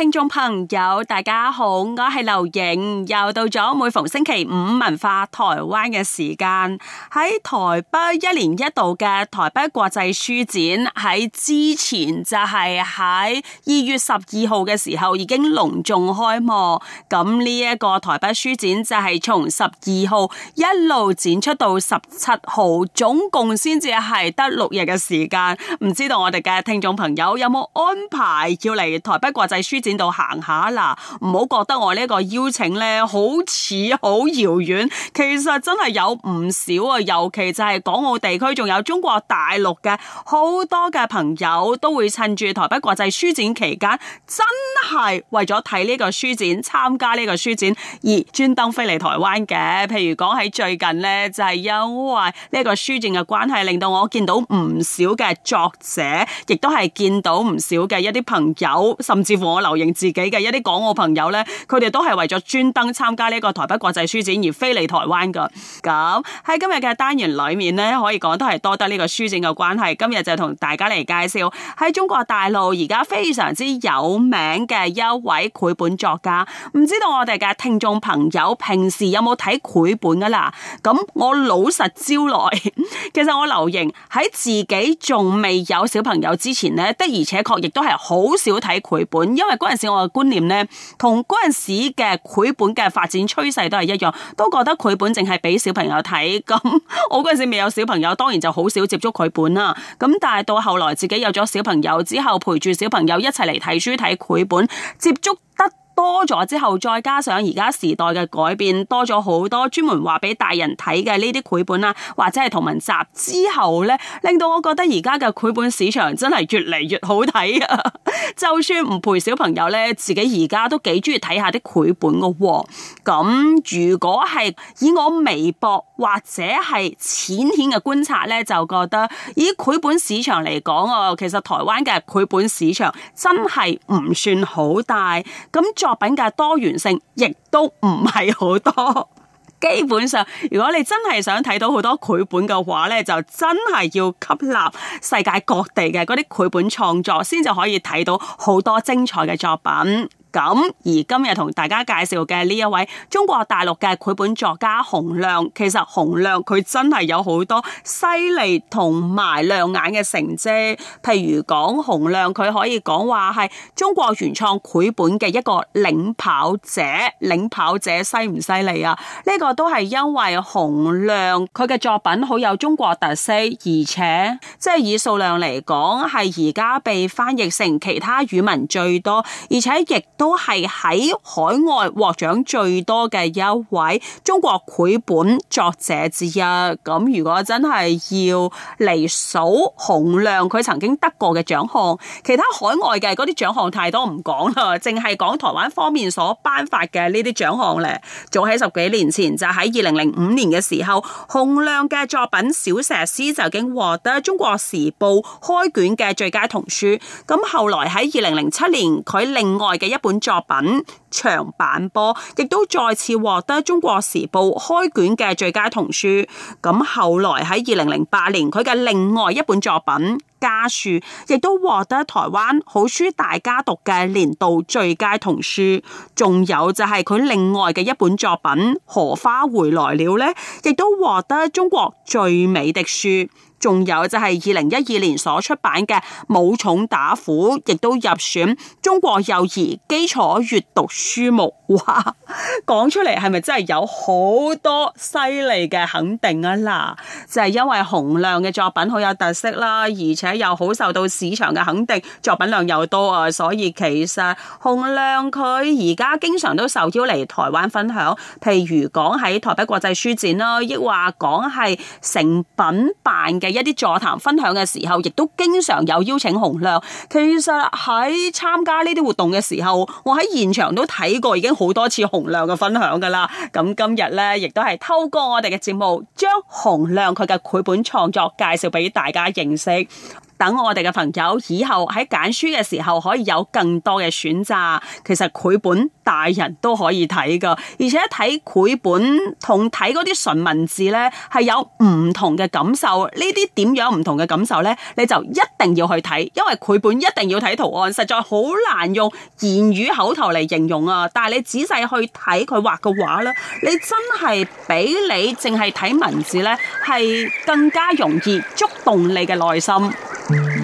聽眾朋友，大家好，我係劉瑩，又到咗每逢星期五文化台灣嘅時間。喺台北一年一度嘅台北國際書展，喺之前就係喺二月十二號嘅時候已經隆重開幕。咁呢一個台北書展就係從十二號一路展出到十七號，總共先至係得六日嘅時間。唔知道我哋嘅聽眾朋友有冇安排要嚟台北國際書展？到行下啦？唔好覺得我呢個邀請咧，好似好遙遠。其實真係有唔少啊，尤其就係港澳地區，仲有中國大陸嘅好多嘅朋友都會趁住台北國際書展期間，真係為咗睇呢個書展，參加呢個書展而專登飛嚟台灣嘅。譬如講喺最近咧，就係因為呢個書展嘅關係，令到我見到唔少嘅作者，亦都係見到唔少嘅一啲朋友，甚至乎我留。自己嘅一啲港澳朋友呢，佢哋都係為咗專登參加呢個台北國際書展，而飛嚟台灣噶。咁喺今日嘅單元裏面呢，可以講都係多得呢個書展嘅關係。今日就同大家嚟介紹喺中國大陸而家非常之有名嘅一位繪本作家。唔知道我哋嘅聽眾朋友平時有冇睇繪本噶啦？咁我老實招來，其實我留形喺自己仲未有小朋友之前呢，的而且確亦都係好少睇繪本，因為嗰陣時我嘅觀念呢，同嗰陣時嘅繪本嘅發展趨勢都係一樣，都覺得繪本淨係俾小朋友睇。咁我嗰陣時未有小朋友，當然就好少接觸繪本啦。咁但係到後來自己有咗小朋友之後，陪住小朋友一齊嚟睇書睇繪本，接觸得多咗之後，再加上而家時代嘅改變多咗好多，專門話俾大人睇嘅呢啲繪本啦，或者係同文集之後咧，令到我覺得而家嘅繪本市場真係越嚟越好睇啊！ 就算唔陪小朋友咧，自己而家都幾中意睇下啲繪本噶、啊。咁如果係以我微博或者係淺顯嘅觀察咧，就覺得以繪本市場嚟講，啊，其實台灣嘅繪本市場真係唔算好大。咁作品嘅多元性亦都唔係好多，基本上如果你真係想睇到好多繪本嘅話咧，就真係要吸納世界各地嘅啲繪本創作，先至可以睇到好多精彩嘅作品。咁而今日同大家介紹嘅呢一位中國大陸嘅繪本作家熊亮，其實熊亮佢真係有好多犀利同埋亮眼嘅成績。譬如講，熊亮佢可以講話係中國原創繪本嘅一個領跑者，領跑者犀唔犀利啊？呢、這個都係因為熊亮佢嘅作品好有中國特色，而且即係、就是、以數量嚟講，係而家被翻譯成其他語文最多，而且亦，都係喺海外獲獎最多嘅一位中國繪本作者之一。咁如果真係要嚟數熊亮佢曾經得過嘅獎項，其他海外嘅啲獎項太多唔講啦，淨係講台灣方面所頒發嘅呢啲獎項咧。早喺十幾年前就喺二零零五年嘅時候，熊亮嘅作品《小石獅》就已經獲得《中國時報》開卷嘅最佳童書。咁後來喺二零零七年，佢另外嘅一本本作品《長坂坡》亦都再次獲得《中國時報》開卷嘅最佳童書。咁後來喺二零零八年，佢嘅另外一本作品《家樹》亦都獲得台灣好書大家讀嘅年度最佳童書。仲有就係佢另外嘅一本作品《荷花回來了》咧，亦都獲得中國最美的書。仲有就係二零一二年所出版嘅《武松打虎》，亦都入選中國幼兒基礎閱讀書目。哇！講出嚟係咪真係有好多犀利嘅肯定啊？嗱，就係、是、因為熊亮嘅作品好有特色啦，而且又好受到市場嘅肯定，作品量又多啊，所以其實熊亮佢而家經常都受邀嚟台灣分享，譬如講喺台北國際書展啦，亦話講係誠品辦嘅。一啲座談分享嘅時候，亦都經常有邀請熊亮。其實喺參加呢啲活動嘅時候，我喺現場都睇過已經好多次熊亮嘅分享㗎喇。咁今日呢，亦都係透過我哋嘅節目，將熊亮佢嘅繪本創作介紹俾大家認識。等我哋嘅朋友以後喺揀書嘅時候，可以有更多嘅選擇。其實繪本大人都可以睇噶，而且睇繪本同睇嗰啲純文字咧係有唔同嘅感受。呢啲點樣唔同嘅感受咧？你就一定要去睇，因為繪本一定要睇圖案，實在好難用言語口頭嚟形容啊。但係你仔細去睇佢畫嘅畫呢，你真係比你淨係睇文字咧係更加容易觸動你嘅內心。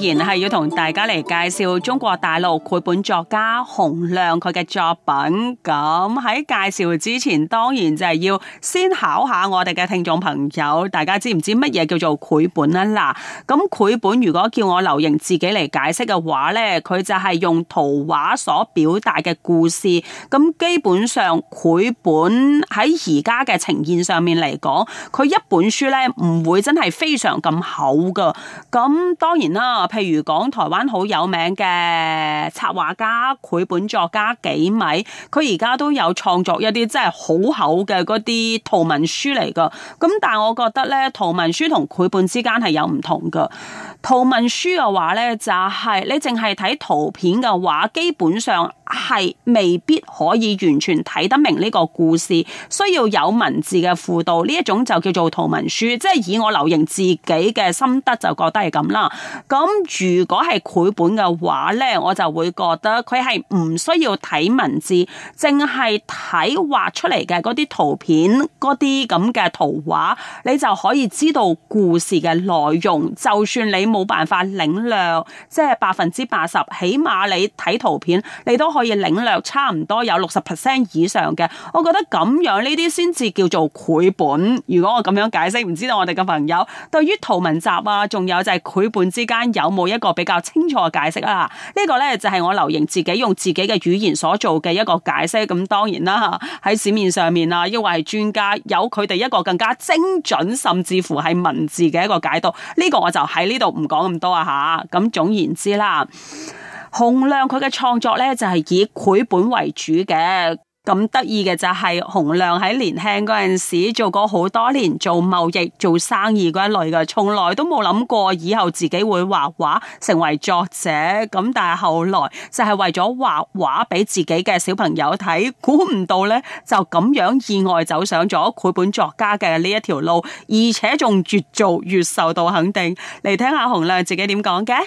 既然係要同大家嚟介紹中國大陸繪本作家熊亮佢嘅作品。咁喺介紹之前，當然就係要先考下我哋嘅聽眾朋友，大家知唔知乜嘢叫做繪本啊？嗱，咁繪本如果叫我劉瑩自己嚟解釋嘅話咧，佢就係用圖畫所表達嘅故事。咁基本上繪本喺而家嘅呈現上面嚟講，佢一本書咧唔會真係非常咁厚噶。咁當然啦。譬如講台灣好有名嘅策劃家、繪本作家幾米，佢而家都有創作一啲真係好厚嘅嗰啲圖文書嚟噶。咁但係我覺得咧，圖文書同繪本之間係有唔同噶。圖文書嘅話咧，就係、是、你淨係睇圖片嘅話，基本上係未必可以完全睇得明呢個故事，需要有文字嘅輔導。呢一種就叫做圖文書，即係以我劉瑩自己嘅心得就覺得係咁啦。咁如果係繪本嘅話呢，我就會覺得佢係唔需要睇文字，淨係睇畫出嚟嘅嗰啲圖片、嗰啲咁嘅圖畫，你就可以知道故事嘅內容。就算你冇辦法領略即係百分之八十，就是、起碼你睇圖片，你都可以領略差唔多有六十 percent 以上嘅。我覺得咁樣呢啲先至叫做繪本。如果我咁樣解釋，唔知道我哋嘅朋友對於圖文集啊，仲有就係繪本之間有。冇一個比較清楚嘅解釋啦，呢、這個呢，就係我劉瑩自己用自己嘅語言所做嘅一個解釋。咁當然啦，喺市面上面啊，抑或係專家有佢哋一個更加精準，甚至乎係文字嘅一個解讀。呢、這個我就喺呢度唔講咁多啊吓。咁總言之啦，熊亮佢嘅創作呢，就係以繪本為主嘅。咁得意嘅就係熊亮喺年輕嗰陣時做過好多年做貿易、做生意嗰一類嘅，從來都冇諗過以後自己會畫畫成為作者。咁但係後來就係為咗畫畫俾自己嘅小朋友睇，估唔到咧，就咁樣意外走上咗繪本作家嘅呢一條路，而且仲越做越受到肯定。嚟聽下熊亮自己點講嘅。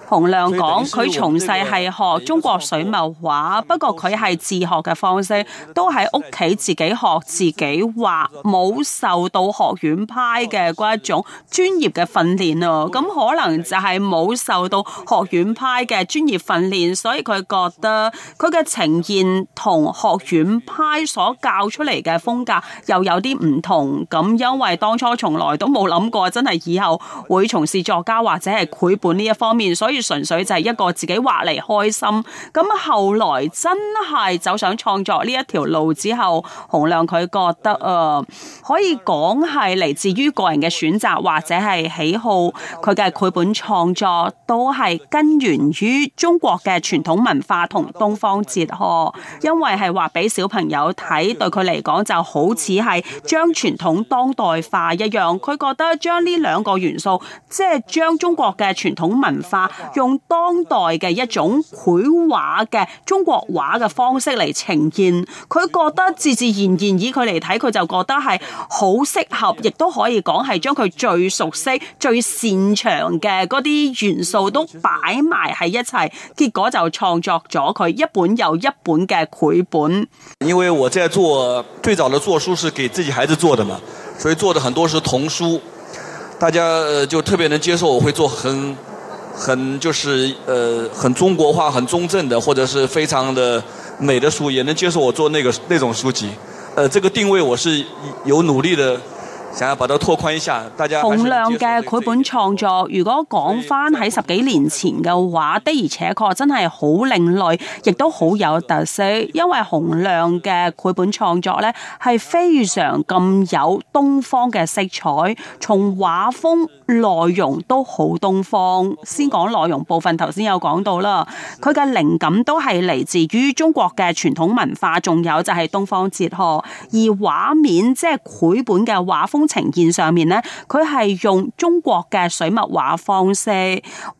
熊亮講佢從細係學中國水墨畫，不過佢係自學嘅方式，都喺屋企自己學自己畫，冇受到學院派嘅一種專業嘅訓練咯。咁可能就係冇受到學院派嘅專業訓練，所以佢覺得佢嘅呈現同學院派所教出嚟嘅風格又有啲唔同。咁因為當初從來都冇諗過，真係以後會從事作家或者係繪本呢一方面，所以。純粹就係一個自己畫嚟開心，咁後來真係走上創作呢一條路之後，熊亮佢覺得、呃、可以講係嚟自於個人嘅選擇或者係喜好，佢嘅繪本創作都係根源於中國嘅傳統文化同東方哲學，因為係話俾小朋友睇，對佢嚟講就好似係將傳統當代化一樣，佢覺得將呢兩個元素，即係將中國嘅傳統文化。用當代嘅一種繪畫嘅中國畫嘅方式嚟呈現，佢覺得自自然然以佢嚟睇，佢就覺得係好適合，亦都可以講係將佢最熟悉、最擅長嘅嗰啲元素都擺埋喺一齊，結果就創作咗佢一本又一本嘅繪本。因為我在做最早的做書是給自己孩子做的嘛，所以做的很多是童書，大家就特別能接受。我會做很很就是呃很中國化、很中正的，或者是非常的美的書，也能接受我做那個那種書籍。呃，這個定位我是有努力的。想要把它拓寬一下，大家。熊亮嘅繪本創作，如果講返喺十幾年前嘅話，的而且確真係好另類，亦都好有特色。因為熊亮嘅繪本創作咧，係非常咁有東方嘅色彩，從畫風、內容都好東方。先講內容部分，頭先有講到啦，佢嘅靈感都係嚟自於中國嘅傳統文化，仲有就係東方哲學，而畫面即係繪本嘅畫風。呈現上面咧，佢係用中國嘅水墨畫方式，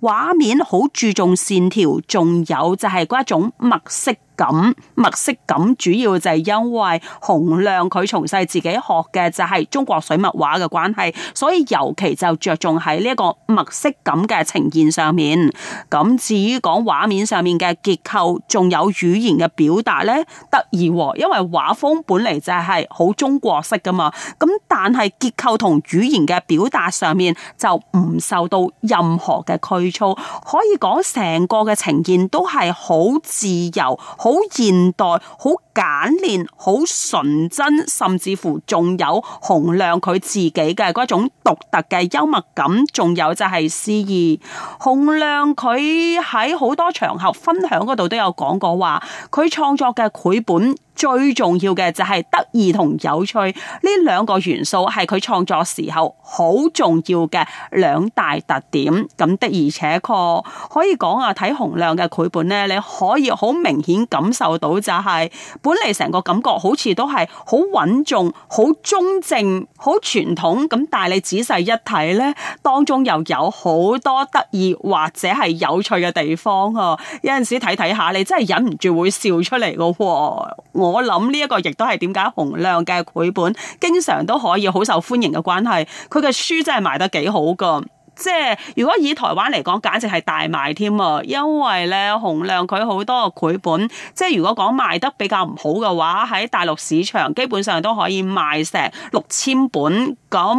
畫面好注重線條，仲有就係嗰一種墨色。咁墨色感主要就係因為熊亮佢從細自己學嘅就係中國水墨畫嘅關係，所以尤其就着重喺呢一個墨色感嘅呈現上面。咁至於講畫面上面嘅結構，仲有語言嘅表達咧，得意、哦，因為畫風本嚟就係好中國式噶嘛。咁但係結構同語言嘅表達上面就唔受到任何嘅拘束，可以講成個嘅呈現都係好自由好。好現代，好簡練、好純真，甚至乎仲有熊亮佢自己嘅嗰種獨特嘅幽默感，仲有就係詩意。熊亮佢喺好多場合分享嗰度都有講過話，佢創作嘅繪本最重要嘅就係得意同有趣呢兩個元素，係佢創作時候好重要嘅兩大特點。咁的而且確可以講啊，睇熊亮嘅繪本呢，你可以好明顯感受到就係、是。本嚟成個感覺好似都係好穩重、好中正、好傳統咁，但係你仔細一睇呢，當中又有好多得意或者係有趣嘅地方啊！有陣時睇睇下，你真係忍唔住會笑出嚟噶喎！我諗呢一個亦都係點解熊亮嘅繪本經常都可以好受歡迎嘅關係，佢嘅書真係賣得幾好㗎。即係如果以台灣嚟講簡直係大賣添啊！因為咧熊亮佢好多繪本，即係如果講賣得比較唔好嘅話，喺大陸市場基本上都可以賣成六千本。咁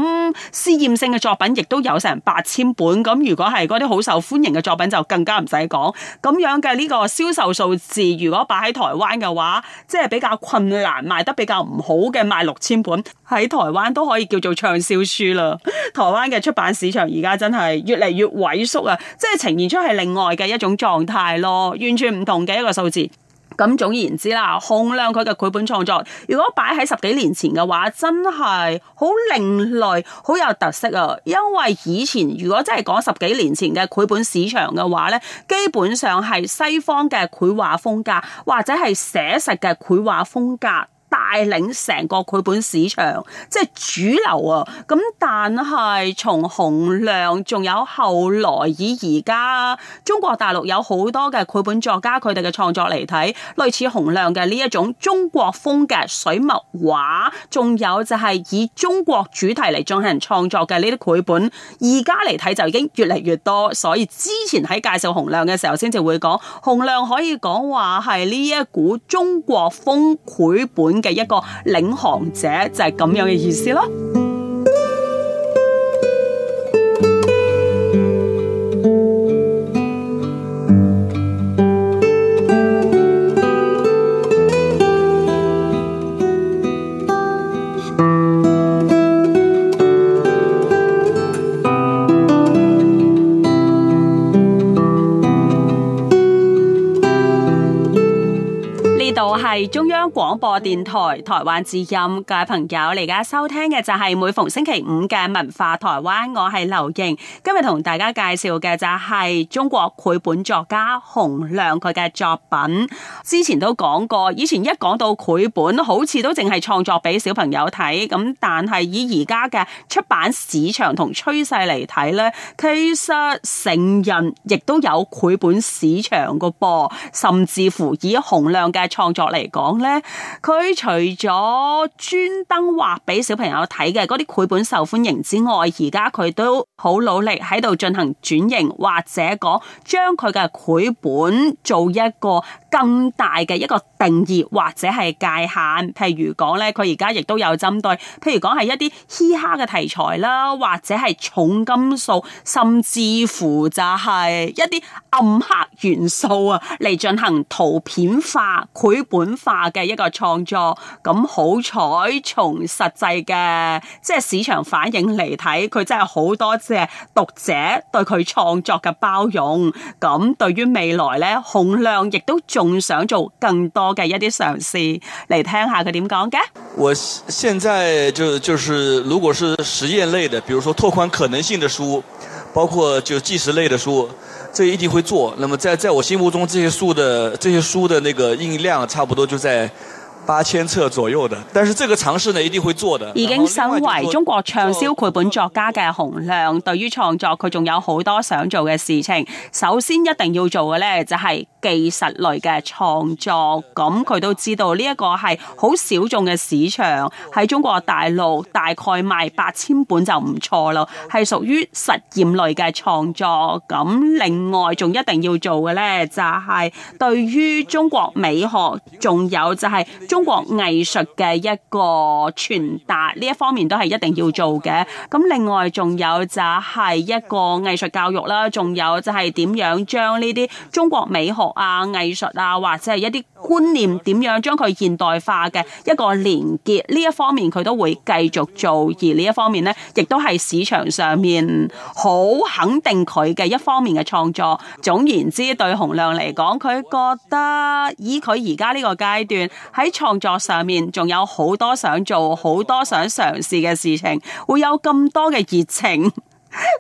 試驗性嘅作品亦都有成八千本。咁如果係啲好受歡迎嘅作品，就更加唔使講，咁樣嘅呢個銷售數字，如果擺喺台灣嘅話，即係比較困難賣得比較唔好嘅賣六千本，喺台灣都可以叫做暢銷書啦。台灣嘅出版市場而家真～係越嚟越萎縮啊，即係呈現出係另外嘅一種狀態咯，完全唔同嘅一個數字。咁總言之啦，衡量佢嘅繪本創作，如果擺喺十幾年前嘅話，真係好另類，好有特色啊。因為以前如果真係講十幾年前嘅繪本市場嘅話呢，基本上係西方嘅繪畫風格或者係寫實嘅繪畫風格。帶領成個繪本市場即係主流啊！咁但係從熊亮，仲有後來以而家中國大陸有好多嘅繪本作家，佢哋嘅創作嚟睇，類似熊亮嘅呢一種中國風嘅水墨畫，仲有就係以中國主題嚟進行創作嘅呢啲繪本。而家嚟睇就已經越嚟越多，所以之前喺介紹熊亮嘅時候，先至會講熊亮可以講話，係呢一股中國風繪本嘅一個領航者就係咁樣嘅意思囉。呢度係中廣播電台台灣之音，各位朋友，你而家收聽嘅就係每逢星期五嘅文化台灣，我係劉瑩，今日同大家介紹嘅就係中國繪本作家熊亮佢嘅作品。之前都講過，以前一講到繪本，好似都淨係創作俾小朋友睇咁，但係以而家嘅出版市場同趨勢嚟睇咧，其實成人亦都有繪本市場噶噃，甚至乎以熊亮嘅創作嚟講呢佢除咗專登畫俾小朋友睇嘅嗰啲繪本受歡迎之外，而家佢都好努力喺度進行轉型，或者講將佢嘅繪本做一個更大嘅一個定義，或者係界限，譬如講咧，佢而家亦都有針對，譬如講係一啲嘻哈嘅題材啦，或者係重金屬，甚至乎就係一啲暗黑元素啊，嚟進行圖片化、繪本化嘅一個創作。咁好彩，從實際嘅即係市場反應嚟睇，佢真係好多謝讀者對佢創作嘅包容。咁對於未來咧，熊亮亦都做仲想做更多嘅一啲嘗試嚟聽下佢點講嘅？我現在就是、就是，如果是實驗類的，比如說拓寬可能性的書，包括就紀實類的書，這一定會做。那麼在在我心目中，這些書的這些書的那個印量差不多就在八千冊左右的。但是這個嘗試呢，一定會做的。已經身為中國暢銷繪本作家嘅熊亮，對於創作佢仲有好多想做嘅事情。首先一定要做嘅咧，就係、是。技術類嘅創作，咁佢都知道呢一個係好小眾嘅市場喺中國大陸，大概賣八千本就唔錯咯，係屬於實驗類嘅創作。咁另外仲一定要做嘅呢，就係對於中國美學，仲有就係中國藝術嘅一個傳達呢一方面都係一定要做嘅。咁另外仲有就係一個藝術教育啦，仲有就係點樣將呢啲中國美學。啊，藝術啊，或者係一啲觀念，點樣將佢現代化嘅一個連結呢？呢一方面佢都會繼續做，而呢一方面咧，亦都係市場上面好肯定佢嘅一方面嘅創作。總言之，對熊亮嚟講，佢覺得以佢而家呢個階段喺創作上面，仲有好多想做，好多想嘗試嘅事情，會有咁多嘅熱情。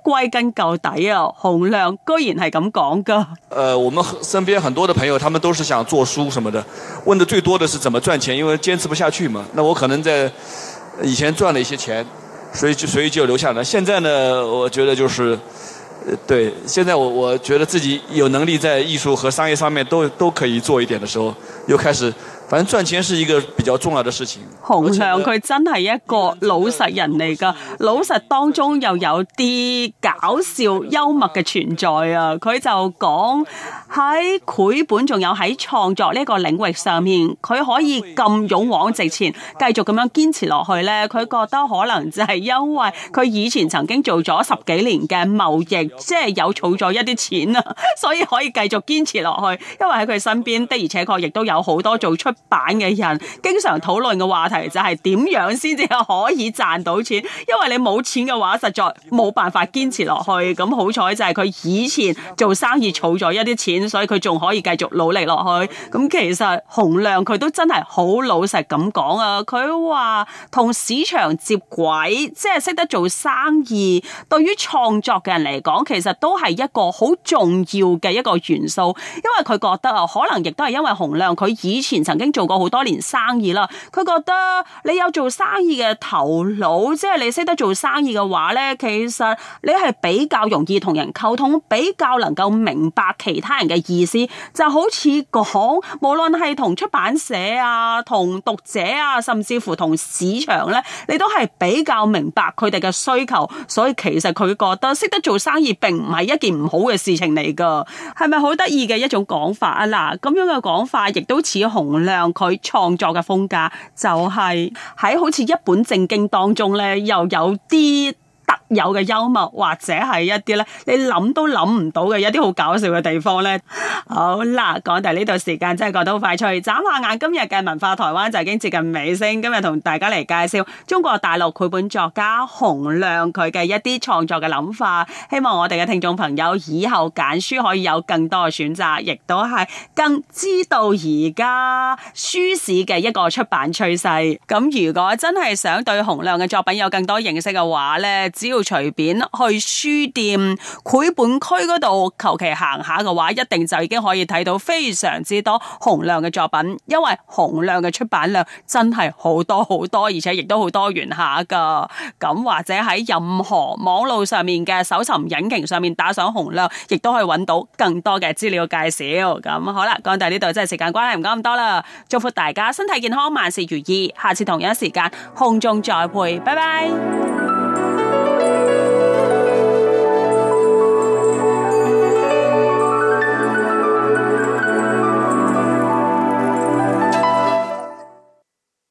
歸根究底啊，熊亮居然係咁講㗎。呃，我們身邊很多的朋友，他們都是想做書什麼的，問的最多的是怎麼賺錢，因為堅持不下去嘛。那我可能在以前賺了一些錢，所以就所以就留下來。現在呢，我覺得就是，對，現在我我覺得自己有能力在藝術和商業上面都都可以做一點的時候，又開始。反正賺錢是一個比較重要的事情。熊亮佢真係一個老實人嚟噶，老實當中又有啲搞笑幽默嘅存在啊。佢就講喺繪本，仲有喺創作呢個領域上面，佢可以咁勇往直前，繼續咁樣堅持落去咧。佢覺得可能就係因為佢以前曾經做咗十幾年嘅貿易，即係有儲咗一啲錢啊，所以可以繼續堅持落去。因為喺佢身邊的而且確亦都有好多做出。版嘅人經常討論嘅話題就係點樣先至可以賺到錢，因為你冇錢嘅話實在冇辦法堅持落去。咁好彩就係佢以前做生意儲咗一啲錢，所以佢仲可以繼續努力落去。咁其實熊亮佢都真係好老實咁講啊，佢話同市場接軌，即係識得做生意，對於創作嘅人嚟講其實都係一個好重要嘅一個元素，因為佢覺得啊，可能亦都係因為熊亮佢以前曾經。做過好多年生意啦，佢覺得你有做生意嘅頭腦，即係你識得做生意嘅話咧，其實你係比較容易同人溝通，比較能夠明白其他人嘅意思。就好似講，無論係同出版社啊、同讀者啊，甚至乎同市場咧，你都係比較明白佢哋嘅需求。所以其實佢覺得識得做生意並唔係一件唔好嘅事情嚟噶，係咪好得意嘅一種講法啊？嗱，咁樣嘅講法亦都似紅呢。佢創作嘅風格就係喺好似一本正經當中咧，又有啲。有嘅幽默或者係一啲咧，你諗都諗唔到嘅，一啲好搞笑嘅地方咧。好啦，講到呢段時間真係覺得好快脆眨下眼，今日嘅文化台灣就已經接近尾聲。今日同大家嚟介紹中國大陸繪本作家熊亮佢嘅一啲創作嘅諗法，希望我哋嘅聽眾朋友以後揀書可以有更多嘅選擇，亦都係更知道而家書市嘅一個出版趨勢。咁如果真係想對熊亮嘅作品有更多認識嘅話咧，只要隨便去書店繪本區嗰度求其行下嘅話，一定就已經可以睇到非常之多熊亮嘅作品，因為熊亮嘅出版量真係好多好多，而且亦都好多元下噶。咁或者喺任何網路上面嘅搜尋引擎上面打上熊亮，亦都可以揾到更多嘅資料介紹。咁好啦，講到呢度真係時間關係，唔講咁多啦。祝福大家身體健康，萬事如意。下次同一時間空中再會，拜拜。